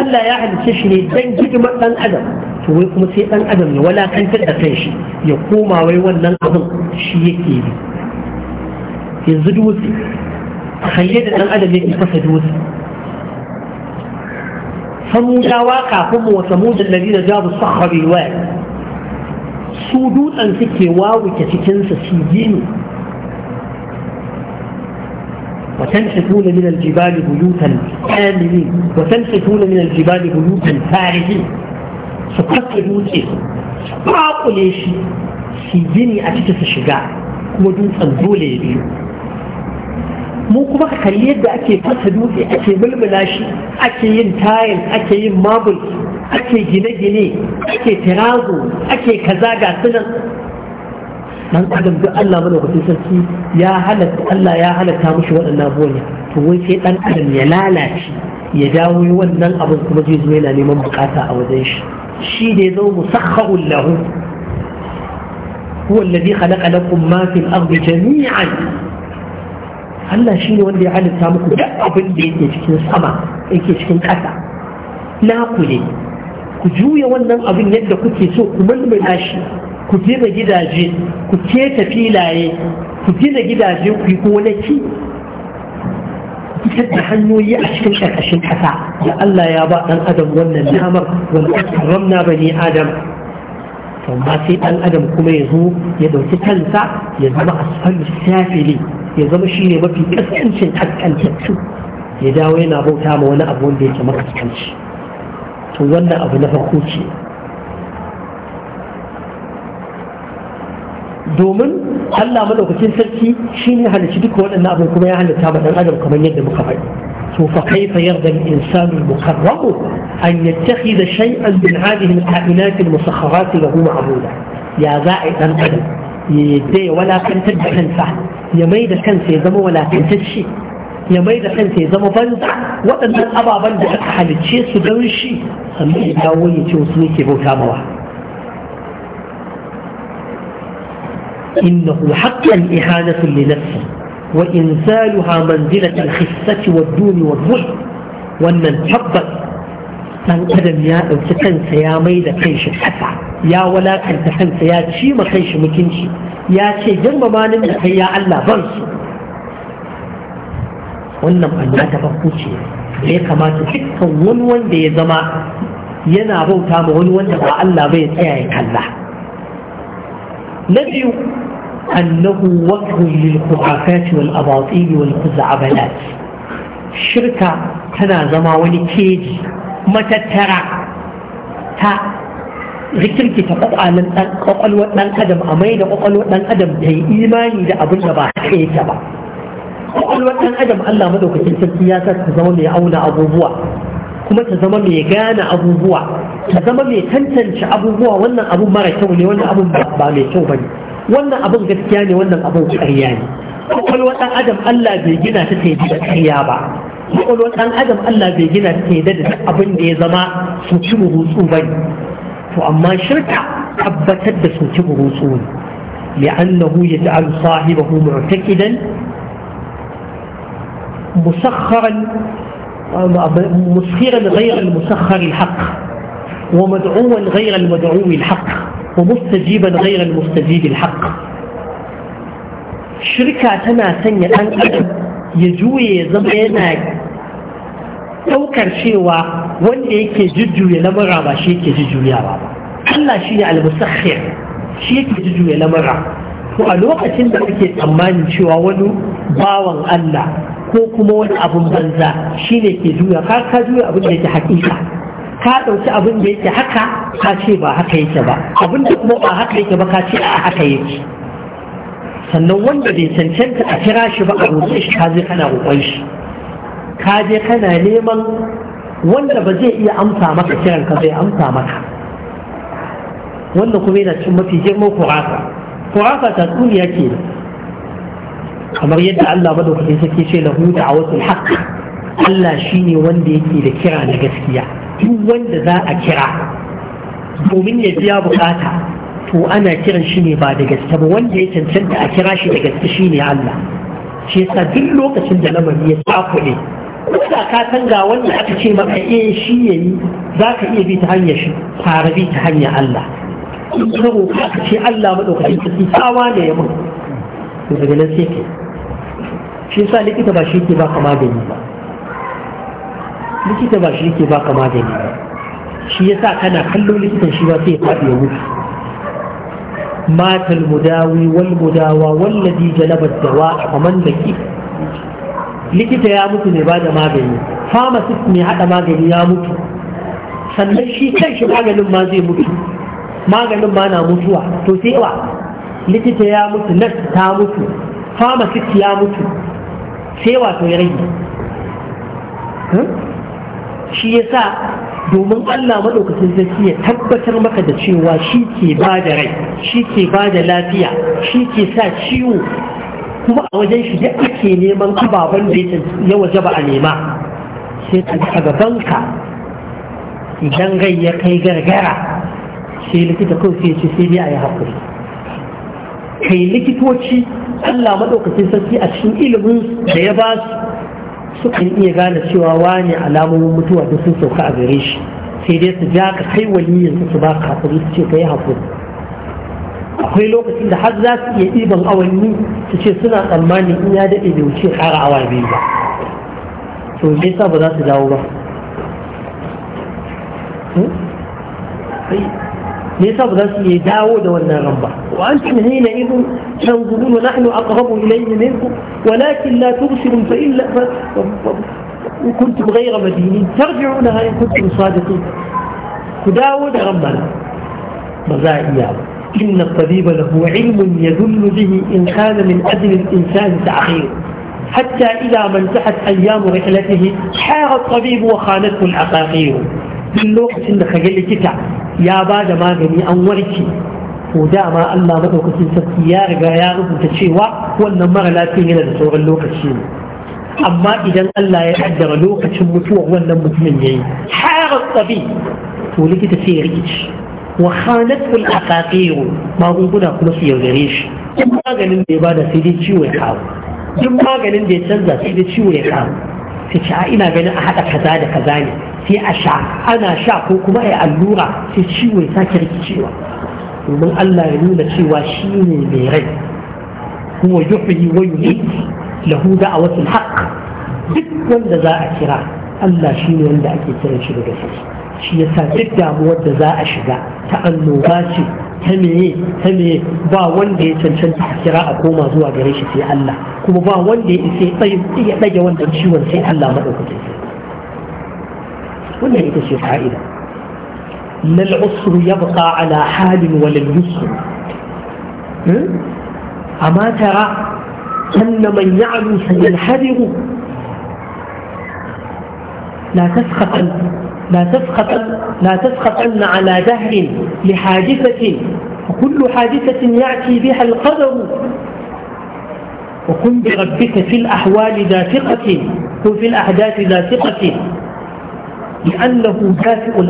Allah ya halicce shi ne dan hidimar dan adam to wai kuma sai dan adam ya walakantar da kan shi ya koma wai wannan abun shi yake bi yanzu dutse kalle da dan adam yake fasa dutse samudawa kafin mu wa samudin da da jabu sakhari waya su dutsen suke wawuke cikinsa su gini وتنحتون من الجبال بيوتا آمنين وتنحتون من الجبال بيوتا فارهين سقط دوتي باقو ليشي سيدني أتتس شجاع ودوت الدولة بيو mu kuma ka kalli yadda ake fasa dutse ake mulmula shi ake yin tayil ake yin mabul ake gine-gine ake tirago ake kaza ga sunan dan adam duk Allah mana wasu sarki ya halatta Allah ya halatta mushi waɗannan abubuwan to wai sai dan adam ya lalace ya dawo wannan abin kuma zai zo yana neman bukata a wajen shi shi ne zo musakharun lahu huwa alladhi khalaqa lakum ma jami'an Allah shi ne wanda ya halitta muku duk abin da yake cikin sama yake cikin ƙasa naku ne ku juya wannan abin yadda kuke so ku mulmula shi ku gina gidaje ku keta filaye ku gina gidaje ku yi gonaki fitar da hanyoyi a cikin ƙarƙashin ƙasa da Allah ya ba ɗan adam wannan damar wanda ramna bani adam amma sai ɗan adam kuma ya zo ya ɗauki kansa ya zama asfalu safili ya zama shi ne mafi kaskancin kaskantattu ya dawo yana bauta ma wani abu wanda yake makaskanci to wannan abu na farko ce domin Allah madaukakin sarki shi ne halici duka waɗannan abin kuma ya halitta ma ɗan adam kamar yadda muka faɗi فكيف يرضى الإنسان المقرب أن يتخذ شيئا من هذه الكائنات المسخرات له معبودا يا زائد القدم يدي ولا كنتد يا يميد كنف يزم ولا كنتد شيء يميد كنف يزم بنزع وأن الأبا بنزع حل شيء سدوي شيء أما يتاوي توصيك بوتا موا إنه حقا إهانة لنفسه وإنزالها منزلة الخفة والدون والبعد wannan tabbas dan adam ya ɗauki kansa ya mai da kanshi kasa ya wulakanta kansa ya ci kanshi mutunci ya ce girmama nan da kai ya Allah ban su wannan banda ta farko ce da ya kamata dukkan wani wanda ya zama yana bauta ma wani wanda ba Allah bai tsaya ya kalla na biyu أنه وجه للخرافات والأباطيل والخزعبلات شركة تنا زماوني كيجي متى ترى تا zikirki ta rikirkita kwakwalwar ɗan adam a mai da kwakwalwar ɗan adam ta yi imani da abin da ba haƙe ta ba kwakwalwar ɗan adam Allah madaukakin sarki ya sa ta zama mai auna abubuwa kuma ta zama mai gane abubuwa ta zama mai tantance abubuwa wannan abu mara kyau ne wannan abun ba mai kyau ba ne wannan abin gaskiya ne wannan abin ƙarya ne kwakwalwar ɗan adam Allah bai gina ta ta yi da ƙarya ba kwakwalwar ɗan adam Allah bai gina ta ta yi da abin da ya zama su ci burutsu ba ne to amma shirka tabbatar da su ci burutsu ne لأنه يجعل صاحبه معتقدا مسخرا مسخرا غير المسخر الحق ومدعوا غير المدعو الحق ومستجيبا غير المستجيب الحق شركة تنا سنة أن يجوي yana ɗaukar cewa wanda yake jujjuya lamura ba shi yake jujjuyawa ba Allah shi ne al shi yake jujjuya to a lokacin da kake tsammanin cewa wani bawan Allah ko kuma wani abun banza shi ne ke juya ka ka juya abin da yake hakika ka ɗauki abin da yake haka ka ce ba haka yake ba abin da kuma ba haka yake ba ka ce a haka yake sannan wanda bai cancanta a kira shi ba a roƙe shi ka je kana roƙon shi ka je kana neman wanda ba zai iya amsa maka kiran ka bai amsa maka wanda kuma yana cin mafi girman kurasa kurasa ta duniya ke kamar yadda Allah madaukakin sake ce lahu wasu haqq Allah shine wanda yake da kira na gaskiya duk wanda za a kira domin ya biya bukata to ana kiran shi ne ba da gaske ba wanda ya cancanta a kira shi da gaske shi ne Allah shi yasa duk lokacin da lamari ya tsakuɗe ko da ka san ga wanda aka ce maka eh shi yayi za ka iya bi ta hanyar shi fara bi ta hanyar Allah in ka roƙa ka ce Allah madaukakin sarki tsawa ne ya mun to daga nan sai ke shi yasa likita ba shi ke baka magani ba likita ba shi yake baka magani ba, shi ya sa kana kallo likitan shi ba sai ya faɗi ya mutu wal مات المداوي والمداوى والذي جلب man da ki, likita ya mutu ne ba da magani pharmacist ne haɗa magani ya mutu sannan shi kan shi maganin ma zai mutu maganin ma na mutuwa to sai wa likita ya mutu nas ta mutu pharmacist ya mutu sai wa to ya rage hmm? shi ya sa domin Allah maɗaukacin sarki ya tabbatar maka da cewa shi ke ba da rai shi ke ba da lafiya shi ke sa ciwo kuma a wajen shi da ake neman ababen da ya waje ba a nema sai ka ga gabanka idan rai ya kai gargara sai likita kawai sai ce sai dai a yi haƙuri kai likitoci Allah maɗaukacin sarki a cikin ilimin da ya ba su sukan iya gane cewa wani alamomin mutuwa da sun sauka a gare shi sai dai su ja ka kai waliyin su ba ka hakuri su ce ka yi hakuri akwai lokacin da har za su iya ɗiban awanni su ce suna tsammani in ya daɗe bai wuce ƙara awa biyu ba to me yasa ba za su dawo ba hmm? me yasa ba za su iya dawo da wannan ran ba وأنتم حينئذ تنظرون ونحن أقرب إليه منكم ولكن لا تبصروا فإلا إن كنتم غير مدينين ترجعونها إن كنتم صادقين فداود ربنا مزايا إن الطبيب له علم يدل به إن كان من أجل الإنسان تأخير حتى إذا ما انتهت أيام رحلته حار الطبيب وخانته العقاقير في الوقت إنك قال لي يا بعد ما بني أنورتي ko dama Allah madaukakin sarki ya riga ya rubuta cewa wannan mara lafiyan yana da sauran lokaci ne amma idan Allah ya kaddara lokacin mutuwar wannan mutumin yayi harar tsabi to likita sai ya rikici wa khanatul aqaqir magunguna kuma su yaudare shi duk maganin da ya bada sai dai ciwo ya kawo duk maganin da ya canza sai dai ciwo ya kawo sai ce a ina ganin a haɗa kaza da kaza ne sai a sha ana sha ko kuma a yi allura sai ciwo ya sake rikicewa domin Allah ya nuna cewa shi ne mai rai kuma yuhyi wa yumiit lahu da'watul haqq duk wanda za a kira Allah shi ne wanda ake kiran shi da shi, shi yasa duk damuwar da za a shiga ta annoba ce ta meye ta meye ba wanda ya cancanta a kira a koma zuwa gare shi sai Allah kuma ba wanda ya isa ya wanda wannan ciwon sai Allah maɗaukacin wannan ita ce fa'ida لا العسر يبقى على حال ولا اليسر أما ترى أن من يعلو سينحدر لا تسخطن لا تسخطن لا تسخطن على دهر لحادثة وكل حادثة يأتي بها القدر وكن بربك في الأحوال ذا ثقة وفي الأحداث ذا ثقة لأنه أ ن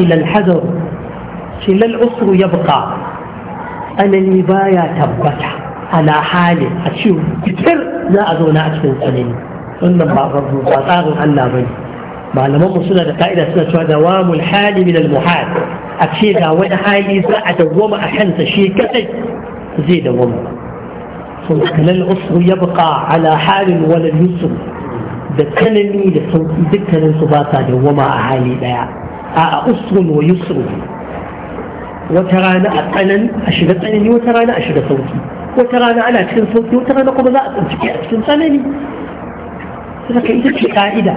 للحذر دافئ ا العصر يبقى أ ن ا النبايا على حالي اشوف كثر لا أ ظ ن أ ش ف ه سنين ان بعض ما لم ا م قائد ا س الحال من المحال أ ش ي ر ا وين حالي ز زيد وما كلا العصر يبقى على حال ولا يسر da tsanani da sauki dukkanin su ba sa dawwama a hali daya a usrun wa yusru wata rana a tsanan a shiga tsanani wata rana a shiga sauki wata rana ana cikin sauki wata rana kuma za a tsinci a cikin tsanani suka ita ce ka'ida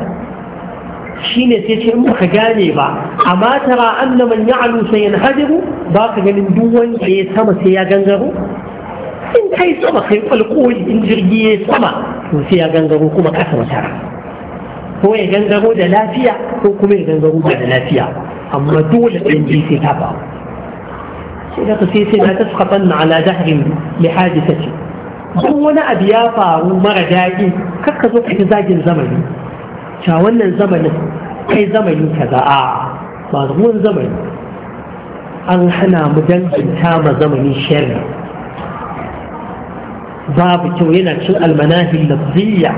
shine sai ce in baka gane ba amma tara anna man ya'lu sayanhadiru ba ka ganin duk wanda ya sama sai ya gangaro in kai sama kai kwalkoli in jirgi ya sama to sai ya gangaro kuma kasa wata ko ya gangaro da lafiya ko kuma ya gangaro ba da lafiya amma dole ɗan ji sai ta faru sai da sai sai na tasqatan ala dahrin li hadisati duk wani abu ya faru mara daɗi kakka zo ka zagin zamani ca wannan zamanin kai zamani kaza a ba ruwan zamani an hana mu danganta ma zamani sharri ضابط وينا شو المناهي اللفظية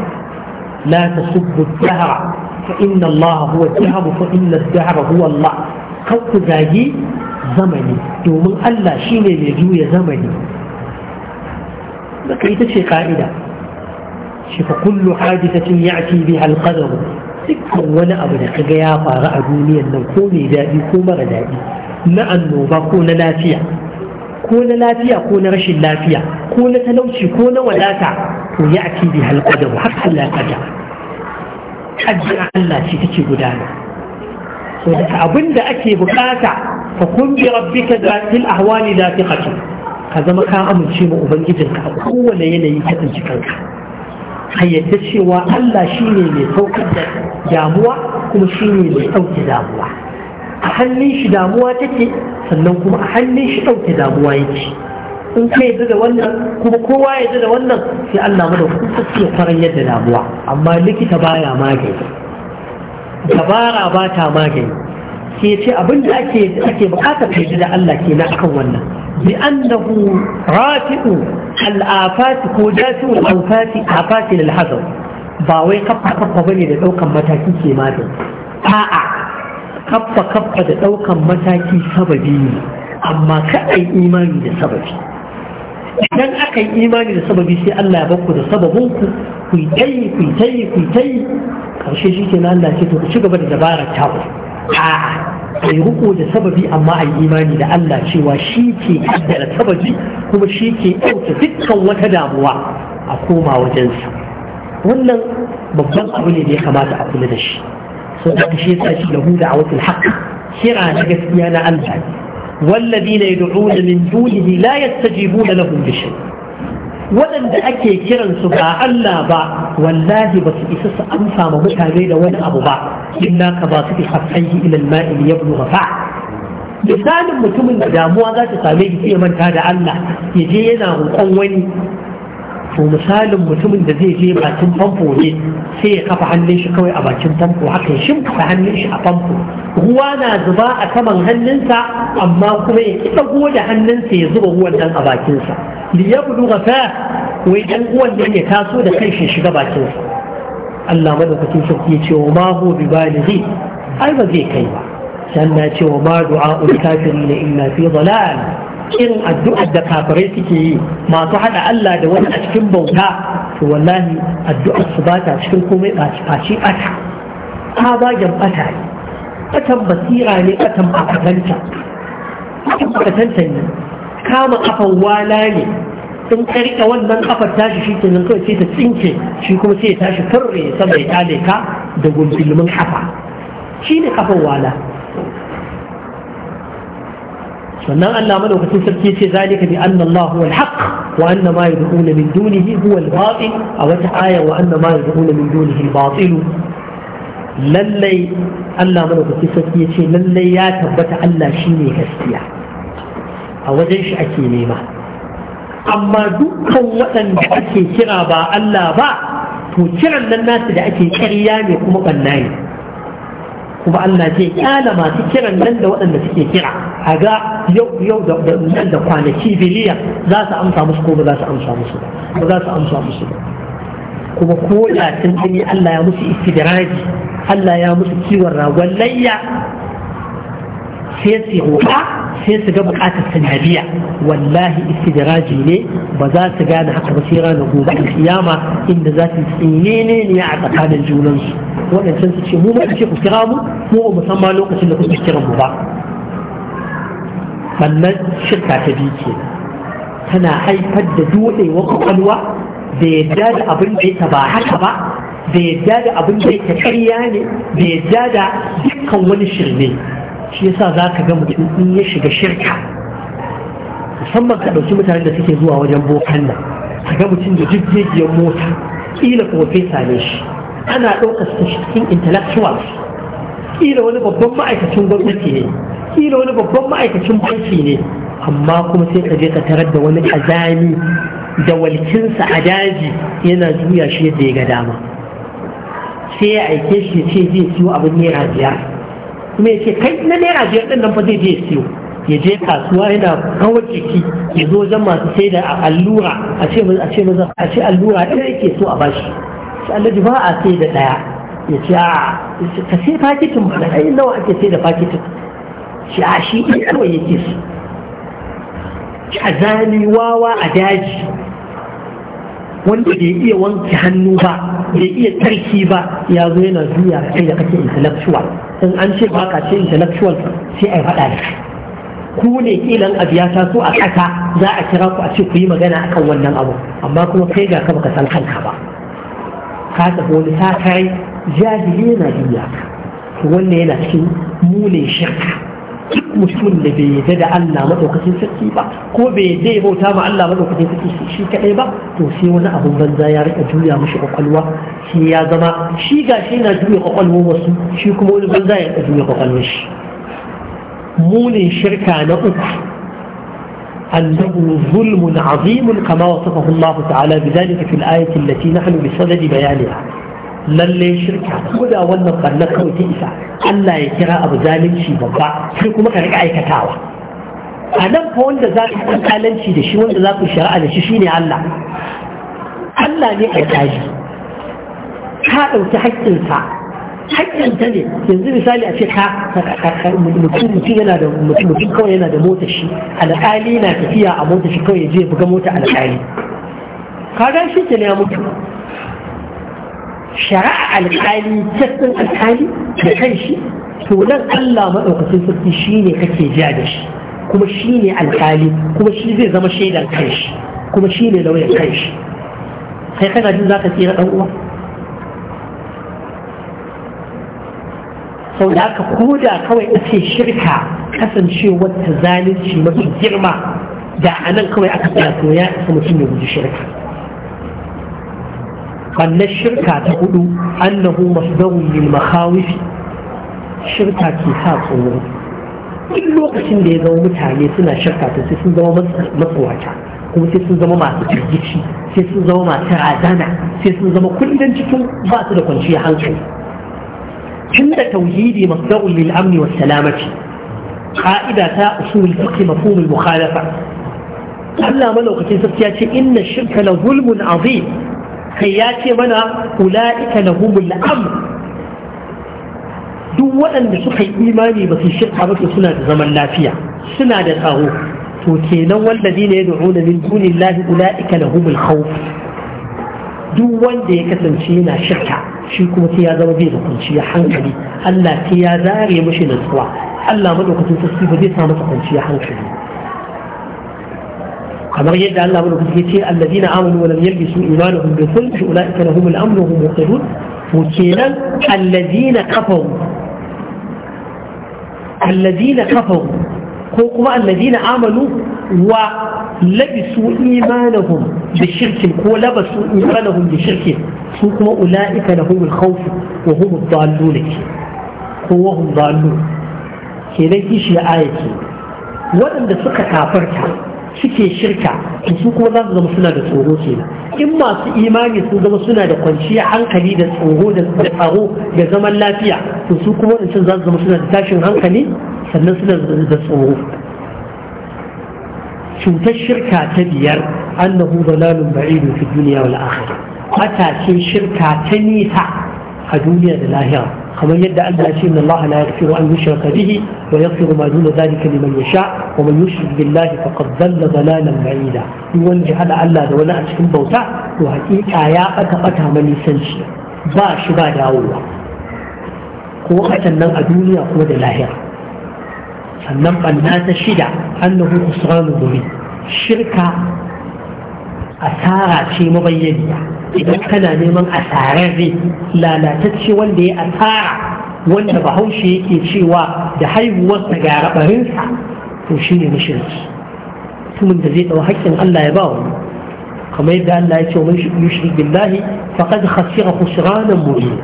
لا تسب الدهر فإن الله هو الدهر فإن الدهر هو الله قوت ذاكي زمني يوم ألا شيني يجو زمني بقيت شي قاعده شف كل حادثة يأتي بها القدر سكر ولا أبدا يا رأى دوني أنه كوني ذاكي كوم رجائي ما أنه بقول لا ko na lafiya ko na rashin lafiya ko na talauci ko na wadata to ya ake bi halƙadaru har Allah ƙada Allah ce take gudana so da abin da ake bukata fa kun bi rabbika da fil ahwali ka zama ka amince ma ubangijinka a kowane yanayi ka tsinci kanka hayyace cewa Allah shine mai saukar da damuwa kuma shine mai sauke damuwa a hannun shi damuwa take sannan kuma a hannun shi ɗauke damuwa yake in ka yadda da wannan kuma kowa yadda da wannan sai Allah mana kusurci ya kwaran yadda damuwa amma likita baya magani dabara ba ta magani ke ce abin da ake ake bukatar ka yadda da Allah ke na akan wannan bi annahu rafi'u al'afati ko dafi'u al'afati afati lil hazar ba wai kafa kafa bane da daukan mataki ke magani a'a kaffa kaffa da ɗaukan mataki sababi ne amma kaɗai imani da sababi idan aka yi imani da sababi sai Allah ya bakku da sababin ku ku yi tayi ku yi tayi ku yi tayi karshe shi ke Allah ce to ku ci gaba da dabarar ta ku a'a ai riko da sababi amma ai imani da Allah cewa shi ke kaddara sababi kuma shi ke ɗauke dukkan wata damuwa a koma wajensa wannan babban abu ne da ya kamata a kula da shi so da kashe sa shi lahu da awatul haqq kira na gaskiya na Allah والذين يدعون من دونه لا يستجيبون لهم بشيء waɗanda ake kiransu ba Allah ba wallahi ba su isa su amsa ma mutane da wani abu ba inna ka ba su bi hafaihi ila al-ma'il yablu fa misalin mutumin da damuwa za ta same shi sai manta da Allah ya je yana roƙon wani to misalin mutumin da zai je bakin famfo ne sai ya kafa hannun shi kawai a bakin famfo haka ya kafa hannun shi a famfo ruwa na zuba a saman hannunsa amma kuma ya ki da hannunsa ya zuba ruwan nan a bakinsa li yabdu ghafa wai dan ruwan nan ya taso da kai shi shiga bakinsa Allah madaukakin sarki ya ce wa ma hu bi balighi ai ba zai kai ba sannan ya ce wa ma du'a ul kafirin illa fi dalal irin addu'ar da kafirai suke yi masu hada Allah da wani a cikin bauta to wallahi addu'ar su ba ta cikin komai fashi ɓata ta bagen ɓata ne ɓatan basira ne ɓatan makatanta ɓatan makatanta ne kama kafan wala ne in ka riƙe wannan kafar tashi shi ke nan kawai sai ta tsinke shi kuma sai ya tashi furre sama ya tale ka da gumbulmin kafa shi ne kafan wala sannan Allah madaukakin sarki yace zalika bi anna Allah huwa al-haq wa anna ma yad'una min dunihi huwa al-batil a wata aya wa anna ma yad'una min dunihi al-batil lallai Allah madaukakin sarki ce lallai ya tabbata Allah shine gaskiya a wajen shi ake nema amma dukkan waɗanda ake kira ba Allah ba to kiran nan nasu da ake ƙarya ne kuma ɓanna ne kuma Allah zai kyala masu kiran nan da waɗanda suke kira a ga yau yau da nan da kwanaki biliyan za su amsa musu ko ba za su amsa musu ba za su amsa musu ba kuma ko da sun tuni Allah ya musu istidraji Allah ya musu kiwon ragon layya sai su roƙa sai su ga buƙatar sanadiya wallahi istidraji ne ba za su gane haka ba sai ranar gobe kiyama inda za su tsine ne a tsakanin junansu waɗancan su ce mu ba ce ku kira mu mu ba san ma lokacin da kuka kira mu ba sannan shirka ta bi ke tana haifar da wa kwakwalwa da yadda da abin da yake ba haka ba da yadda da abin da yake ƙarya ne da yadda da dukkan wani shirme shi yasa za ka ga mutum in ya shiga shirka musamman ka ɗauki mutanen da suke zuwa wajen bokan nan ka ga mutum da jijjejiyar mota ƙila kuma fesa ne shi ana ɗaukar su cikin intellectuals kila wani babban ma'aikacin gwamnati ne kila wani babban ma'aikacin banki ne amma kuma sai ka je ka tarar da wani azami da walkinsa a daji yana juya shi yadda ya ga dama sai ya aike shi ya ce zai siyo abin naira biyar kuma ya ce kai na naira biyar ɗin nan fa zai je ya siyo ya je kasuwa yana kawar jiki ya zo wajen masu sai da allura a ce allura ɗaya yake so a bashi shi alhaji ba a sai da ɗaya ya ce a ka sai fakitin ba ai nawa ake sai da fakitin shi a shi kawai yake su shi a zani wawa a daji wanda bai iya wanke hannu ba bai iya tarki ba ya zo yana zuya kai da kake intellectual in an ce ba ka ce intellectual sai a yi faɗa da kai ku ne kilan abu ya taso a ƙasa za a kira ku a ce ku yi magana akan wannan abu amma kuma kai ga ka baka san kanka ba ka tafi wani sakarai jahili yana biya wannan yana cikin mune shirka duk mutum da bai yadda da Allah maɗaukacin sarki ba ko bai yadda ya bauta ma Allah maɗaukacin sarki shi kadai ba to sai wani abun banza ya rika juya mashi kwakwalwa shi ya zama shi gashi shi na juya kwakwalwa wasu shi kuma wani banza ya rika juya kwakwalwa shi munin shirka na uku أنه ظلم عظيم كما وصفه الله تعالى بذلك في الآية التي نحن بصدد بيانها lalle shirka ko da wannan barna kawai ta isa Allah ya kira abu zalunci babba sai kuma ka riƙa aikatawa a nan fa wanda za ka kalanci da shi wanda za ku shari'a da shi shine Allah Allah ne ya kaji ka ɗauki haƙƙinsa ta ne yanzu misali a ce ka mutum yana da mutum kawai yana da mota shi alƙali na tafiya a mota shi kawai ya je buga mota alƙali ka ga shi ke ya mutu shari'a alƙali cikin alƙali da kan shi to nan Allah maɗaukacin sarki shi ne kake ja da shi kuma shi ne alƙali kuma shi zai zama shaidan kan shi kuma shi ne lauyan kan shi kai kana jin za ka tsira ɗan uwa sau da aka koda kawai ake shirka kasancewar ta zalunci mafi girma da a nan kawai aka tsaya to ya isa mutum ya guji shirka wannan shirka ta hudu annahu masdarun lil makhawif shirka ke sa tsoro duk lokacin da ya zama mutane suna shirka to sai sun zama matsawata kuma sai sun zama masu firgici sai sun zama masu razana sai sun zama kullum cikin ba su da kwanciyar hankali كل توحيد مصدر للأمن والسلامة قائدة أصول الفقه مفهوم المخالفة ألا ملوك تنسبتي إن الشرك لظلم عظيم خياتي منا أولئك لهم الامر دو أن سحي إيماني بس الشرك عبد سنة زمن لا فيها سنة تغو توتين والذين يدعون من دون الله أولئك لهم الخوف duk wanda ya kasance yana shirka shi kuma sai ya zama bai da kwanciyar hankali Allah sai ya zare mashi nutsuwa Allah madaukakin sarki ba zai sa masa kwanciyar hankali kamar yadda Allah madaukakin ya ce allazina amanu wa lam yalbisu imanuhum bi dhulm fa ulaika lahum al-amn wa hum muhtadun to kenan allazina kafaru allazina kafaru ko kuma allazina amanu haɗuwa labisu imanahum da shirkin ko labasu imanahum da shirkin su kuma ula'ika da humul khawfi wa humul dallu ne ko wa hum dallu ke dai kishi aya ce waɗanda suka kafarta suke shirka to su kuma za su zama suna da tsoro kenan in masu imani su zama suna da kwanciya hankali da tsoro da tsaro da zaman lafiya to su kuma waɗancan za su zama suna da tashin hankali sannan suna da tsoro cutar shirka ta biyar annahu dalalun ba'idu fi duniya wal akhirah Matashin shirka ta nisa a duniya da lahira kamar yadda Allah ya ce inna Allah la yaghfiru an yushraka bihi wa yaghfiru ma duna dhalika liman yasha wa man yushrik billahi faqad dhalla dalalan ba'ida duk wanda ya hada Allah da wani a cikin bauta to hakika ya bata bata mani sanci ba shi ba dawowa ko a nan a duniya kuma da lahira sannan ɓanna ta shida annahu usranu guri shirka asara ce mabayyaniya idan kana neman asararre lalatacce wanda ya asara wanda bahaushe yake cewa da haihuwarsa ga rabarinsa to shine mushriki mutumin da zai ɗau haƙƙin Allah ya ba wani kamar yadda Allah ya ce wa man yushrik billahi faqad khasira khusranan mubina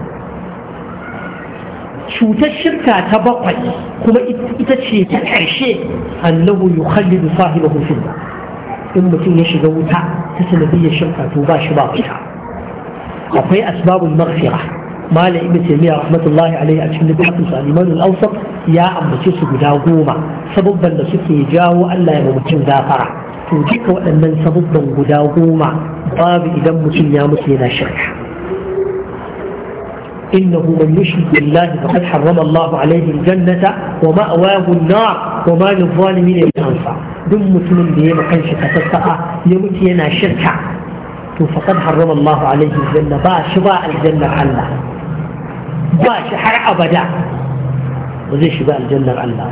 cutar shirka ta bakwai kuma ita ce ta ƙarshe annahu yukhallidu ba fil in mutum ya shiga wuta ta sanadiyyar shirka to ba shi ba fita akwai asbabul maghfira malam ibnu taymiya rahmatullahi alaihi a cikin littafin sa al-iman al-awsat ya ambace su guda goma sababban da suke jawo Allah ya mutum gafara to duka waɗannan sababban guda goma babu idan mutum ya mutu yana shirka إنه من يشرك بالله فقد حرم الله عليه الجنة ومأواه النار وما للظالمين من أنصار دم مسلم بيه مكان شكا يموت ينا شركة فقد حرم الله عليه الجنة باش باع الجنة الله باش حر أبدا وزي شباء الجنة الله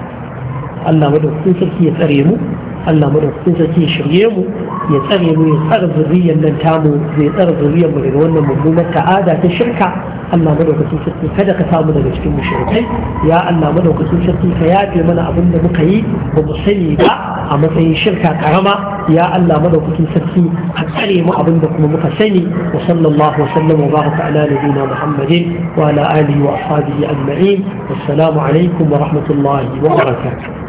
الله مدى كل سلسية أريمه Allah mu da shirye mu ya tsare mu ya tsare zuriyar nan tamu tsare zuriyar mu daga wannan mummunar ta'ada ta shirka Allah mu da kada ka samu daga cikin mushrikai ya Allah mu da kun ka yafe mana abin da muka yi ba mu sani ba a matsayin shirka karama ya Allah mu sarki kun ka tsare mu abin da kuma muka sani wa sallallahu wasallam wa baraka ala nabiyina Muhammadin wa ala alihi wa ashabihi ajma'in wassalamu alaikum wa rahmatullahi wa barakatuh